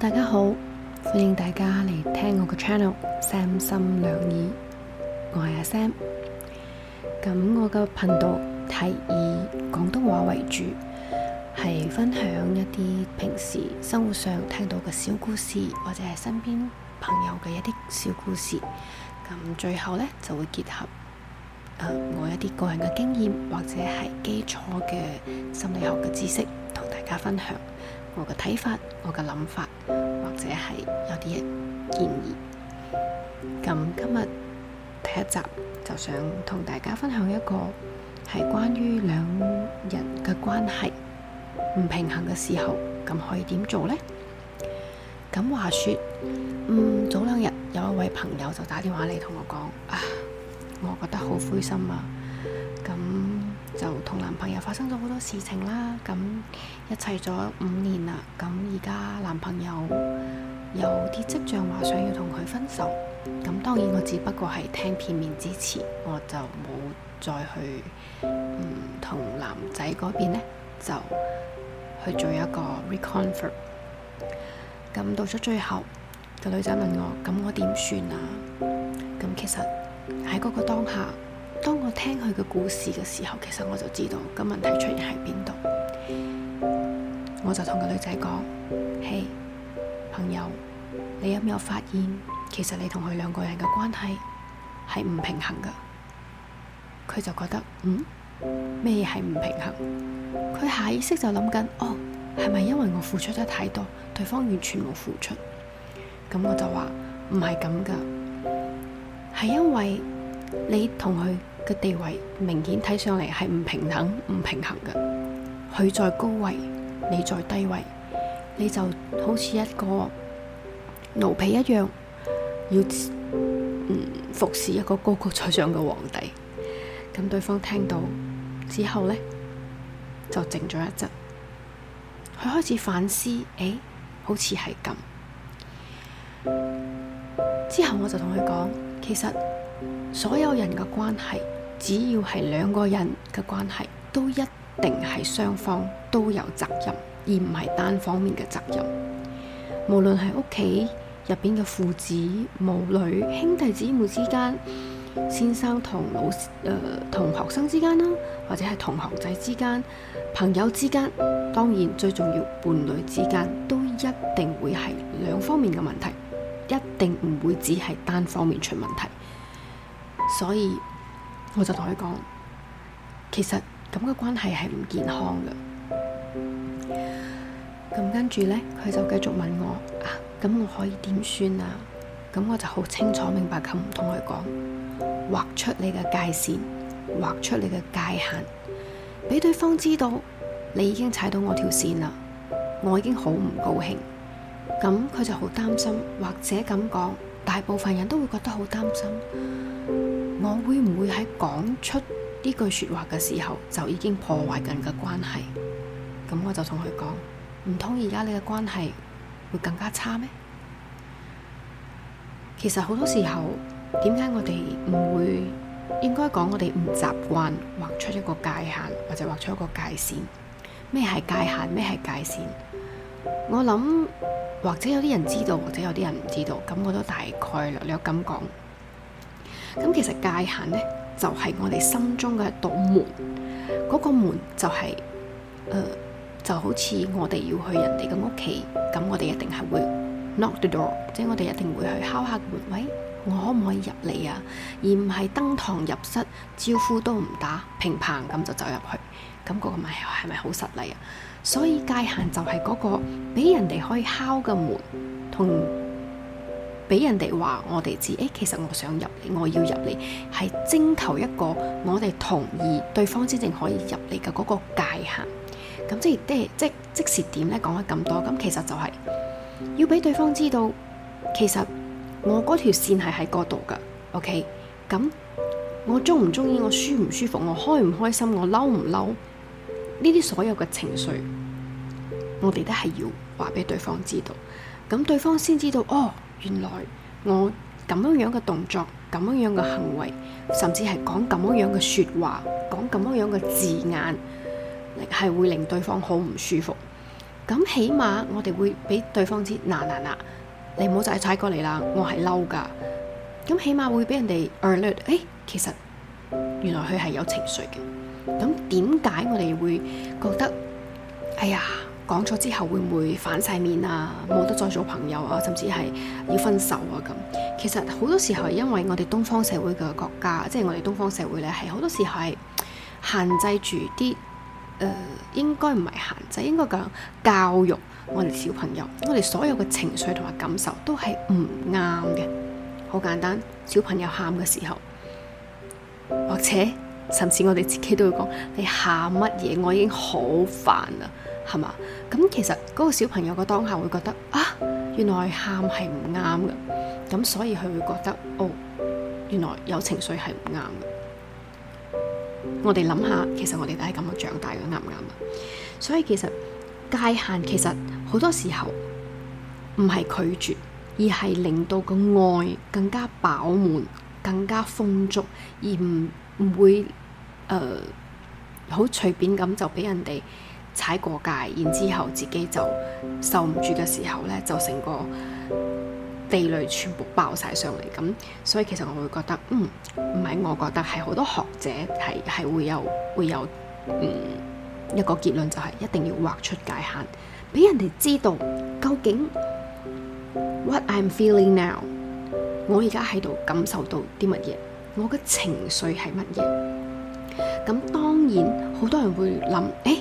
大家好，歡迎大家嚟聽我個 channel《三心兩意》，我係阿 Sam。咁我嘅頻道係以廣東話為主，係分享一啲平時生活上聽到嘅小故事，或者係身邊朋友嘅一啲小故事。咁最後咧就會結合、呃、我一啲個人嘅經驗，或者係基礎嘅心理學嘅知識，同大家分享。.我嘅睇法，我嘅諗法，或者係有啲嘢建議。咁今日第一集就想同大家分享一個係關於兩人嘅關係唔平衡嘅時候，咁可以點做呢？咁話說，嗯，早兩日有一位朋友就打電話嚟同我講啊，我覺得好灰心啊，咁。就同男朋友發生咗好多事情啦，咁一齊咗五年啦，咁而家男朋友有啲跡象話想要同佢分手，咁當然我只不過係聽片面之詞，我就冇再去嗯同男仔嗰邊咧，就去做一個 reconfort。咁到咗最後，個女仔問我，咁我點算啊？咁其實喺嗰個當下。當我聽佢嘅故事嘅時候，其實我就知道，咁問題出現喺邊度，我就同個女仔講，嘿，hey，朋友，你有冇發現，其實你同佢兩個人嘅關係係唔平衡噶？佢就覺得，嗯，咩係唔平衡？佢下意識就諗緊，哦，係咪因為我付出得太多，對方完全冇付出？咁我就話唔係咁噶，係因為你同佢。嘅地位明顯睇上嚟係唔平等、唔平衡嘅。佢在高位，你在低位，你就好似一個奴婢一樣，要、嗯、服侍一個高高在上嘅皇帝。咁對方聽到之後呢，就靜咗一陣，佢開始反思，誒、哎，好似係咁。之後我就同佢講，其實所有人嘅關係。只要係兩個人嘅關係，都一定係雙方都有責任，而唔係單方面嘅責任。無論係屋企入邊嘅父子母女、兄弟姊妹之間，先生同老師誒、呃、同學生之間啦，或者係同學仔之間、朋友之間，當然最重要伴侶之間，都一定會係兩方面嘅問題，一定唔會只係單方面出問題。所以。我就同佢講，其實咁嘅關係係唔健康嘅。咁跟住呢，佢就繼續問我啊，咁我可以點算啊？咁我就好清楚明白咁，唔同佢講，畫出你嘅界線，畫出你嘅界限，俾對方知道你已經踩到我條線啦，我已經好唔高興。咁佢就好擔心，或者咁講，大部分人都會覺得好擔心。我會唔會喺講出呢句說話嘅時候就已經破壞緊嘅關係？咁我就同佢講，唔通而家你嘅關係會更加差咩？其實好多時候，點解我哋唔會應該講我哋唔習慣畫出一個界限，或者畫出一個界線？咩係界限？咩係界線？我諗或者有啲人知道，或者有啲人唔知道。咁我都大概略略咁講。你有咁其實界限咧，就係、是、我哋心中嘅一道門，嗰、那個門就係、是，誒、呃，就好似我哋要去人哋嘅屋企，咁我哋一定係會 knock the door，即係我哋一定會去敲下門，喂，我可唔可以入嚟啊？而唔係登堂入室，招呼都唔打，平平咁就走入去，咁、那、嗰個咪係咪好失禮啊？所以界限就係嗰個俾人哋可以敲嘅門，同，俾人哋話我哋知，誒、欸，其實我想入嚟，我要入嚟，係徵求一個我哋同意對方先至可以入嚟嘅嗰個界限。咁即係即即即時點咧講咗咁多，咁其實就係要俾對方知道，其實我嗰條線係喺嗰度㗎。OK，咁我鍾唔鍾意，我舒唔舒服，我開唔開心，我嬲唔嬲，呢啲所有嘅情緒，我哋都係要話俾對方知道，咁對方先知道哦。原來我咁樣樣嘅動作、咁樣樣嘅行為，甚至係講咁樣樣嘅說話、講咁樣樣嘅字眼，係會令對方好唔舒服。咁起碼我哋會俾對方知，嗱嗱嗱，ah, nah, nah, 你唔好再踩過嚟啦，我係嬲噶。咁起碼會俾人哋 alert 誒，其實原來佢係有情緒嘅。咁點解我哋會覺得，哎呀？講咗之後會唔會反晒面啊？冇得再做朋友啊，甚至係要分手啊咁。其實好多時候因為我哋東方社會嘅國家，即係我哋東方社會咧，係好多時候係限制住啲誒，應該唔係限制，應該講教育我哋小朋友，我哋所有嘅情緒同埋感受都係唔啱嘅。好簡單，小朋友喊嘅時候，或者甚至我哋自己都會講：你喊乜嘢？我已經好煩啦！係嘛？咁其實嗰個小朋友個當下會覺得啊，原來喊係唔啱嘅，咁所以佢會覺得哦，原來有情緒係唔啱嘅。我哋諗下，其實我哋都係咁樣長大嘅，啱唔啱啊？所以其實界限其實好多時候唔係拒絕，而係令到個愛更加飽滿、更加豐足，而唔唔會誒好、呃、隨便咁就俾人哋。踩過界，然之後自己就受唔住嘅時候呢，就成個地雷全部爆晒上嚟咁。所以其實我會覺得，嗯，唔係我覺得係好多學者係係會有會有、嗯、一個結論，就係一定要畫出界限，俾人哋知道究竟 what I'm feeling now，我而家喺度感受到啲乜嘢，我嘅情緒係乜嘢。咁當然好多人會諗，誒。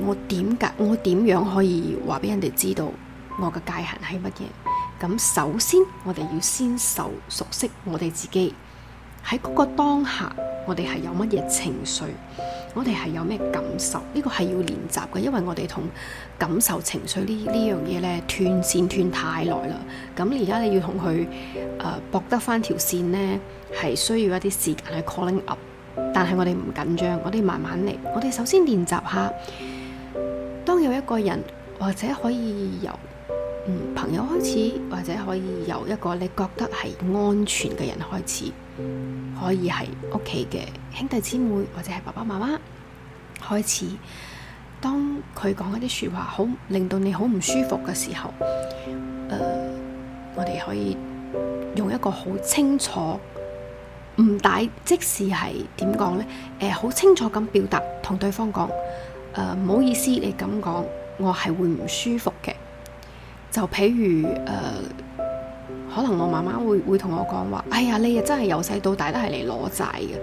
我點噶？我點樣可以話俾人哋知道我嘅界限係乜嘢？咁首先，我哋要先熟熟悉我哋自己喺嗰個當下，我哋係有乜嘢情緒，我哋係有咩感受？呢個係要練習嘅，因為我哋同感受情緒呢呢樣嘢呢斷線斷太耐啦。咁而家你要同佢誒駁得返條線呢，係需要一啲時間去 calling up。但係我哋唔緊張，我哋慢慢嚟。我哋首先練習下，當有一個人或者可以由、嗯、朋友開始，或者可以由一個你覺得係安全嘅人開始，可以係屋企嘅兄弟姊妹或者係爸爸媽媽開始。當佢講一啲說話好令到你好唔舒服嘅時候，呃、我哋可以用一個好清楚。唔大，即使係點講呢？誒、呃，好清楚咁表達，同對方講，誒、呃，唔好意思，你咁講，我係會唔舒服嘅。就譬如誒、呃，可能我媽媽會會同我講話，哎呀，你呀真係由細到大都係嚟攞債嘅，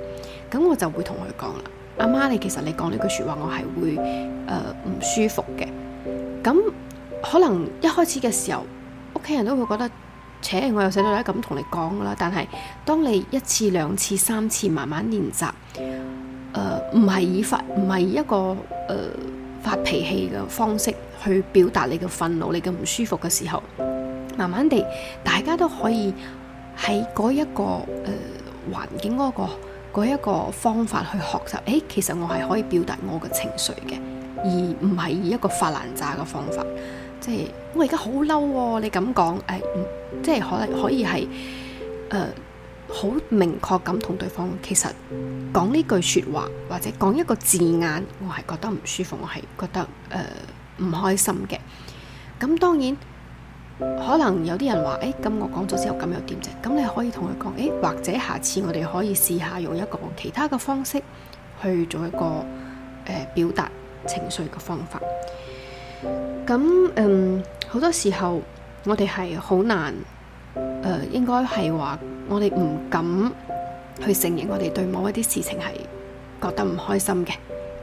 咁我就會同佢講啦。阿媽，你其實你講呢句說話，我係會誒唔、呃、舒服嘅。咁可能一開始嘅時候，屋企人都會覺得。且我又想到啦，咁同你講噶啦。但係當你一次、兩次、三次慢慢練習，誒、呃，唔係以發唔係以一個誒、呃、發脾氣嘅方式去表達你嘅憤怒、你嘅唔舒服嘅時候，慢慢地大家都可以喺嗰一個誒環、呃、境嗰、嗰個一個方法去學習。誒、欸，其實我係可以表達我嘅情緒嘅，而唔係以一個發爛渣嘅方法。即係我而家好嬲喎！你咁講誒，即係可能可以係誒好明確咁同對方，其實講呢句說話或者講一個字眼，我係覺得唔舒服，我係覺得誒唔、呃、開心嘅。咁當然可能有啲人話：誒、哎、咁我講咗之後咁又點啫？咁你可以同佢講誒，或者下次我哋可以試下用一個其他嘅方式去做一個誒、呃、表達情緒嘅方法。咁嗯，好多時候我哋係好難，誒、呃，應該係話我哋唔敢去承認，我哋對某一啲事情係覺得唔開心嘅。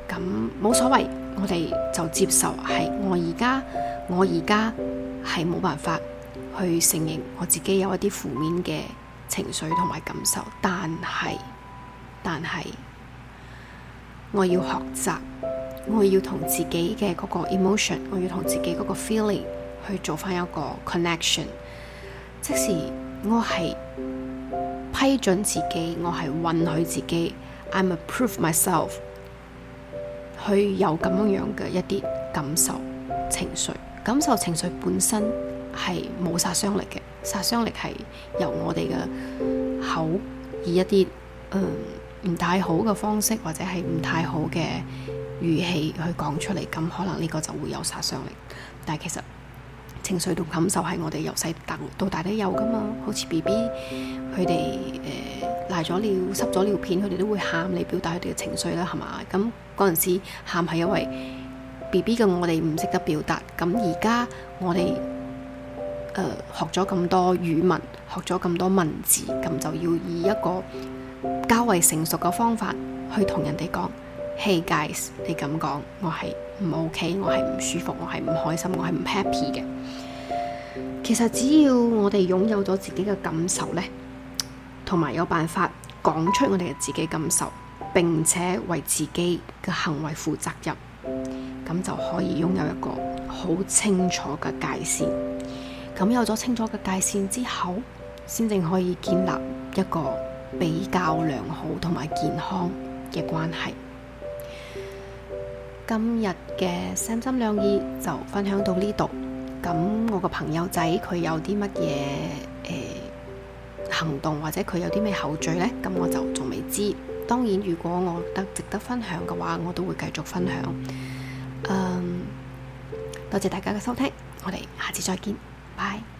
咁冇所謂，我哋就接受係我而家，我而家係冇辦法去承認我自己有一啲負面嘅情緒同埋感受。但係，但係我要學習。我要同自己嘅嗰個 emotion，我要同自己嗰個 feeling 去做返一個 connection。即使我係批准自己，我係允許自己，I'm approve myself 去有咁樣樣嘅一啲感受、情緒。感受、情緒本身係冇殺傷力嘅，殺傷力係由我哋嘅口以一啲嗯、唔太好嘅方式或者係唔太好嘅，語氣去講出嚟，咁可能呢個就會有殺傷力。但係其實情緒同感受係我哋由細到大都有噶嘛。好似 B B 佢哋誒瀨咗尿、濕咗尿片，佢哋都會喊嚟表達佢哋嘅情緒啦，係嘛？咁嗰陣時喊係因為 B B 嘅我哋唔識得表達。咁而家我哋誒、呃、學咗咁多語文，學咗咁多文字，咁就要以一個較為成熟嘅方法去同人哋講。h、hey、嘿，guys，你咁講，我係唔 OK，我係唔舒服，我係唔開心，我係唔 happy 嘅。其實只要我哋擁有咗自己嘅感受呢，同埋有辦法講出我哋嘅自己感受，並且為自己嘅行為負責任，咁就可以擁有一個好清楚嘅界線。咁有咗清楚嘅界線之後，先正可以建立一個比較良好同埋健康嘅關係。今日嘅三心兩意就分享到呢度。咁我個朋友仔，佢有啲乜嘢行動，或者佢有啲咩後續呢？咁我就仲未知。當然，如果我覺得值得分享嘅話，我都會繼續分享。嗯，多謝大家嘅收聽，我哋下次再見，拜拜。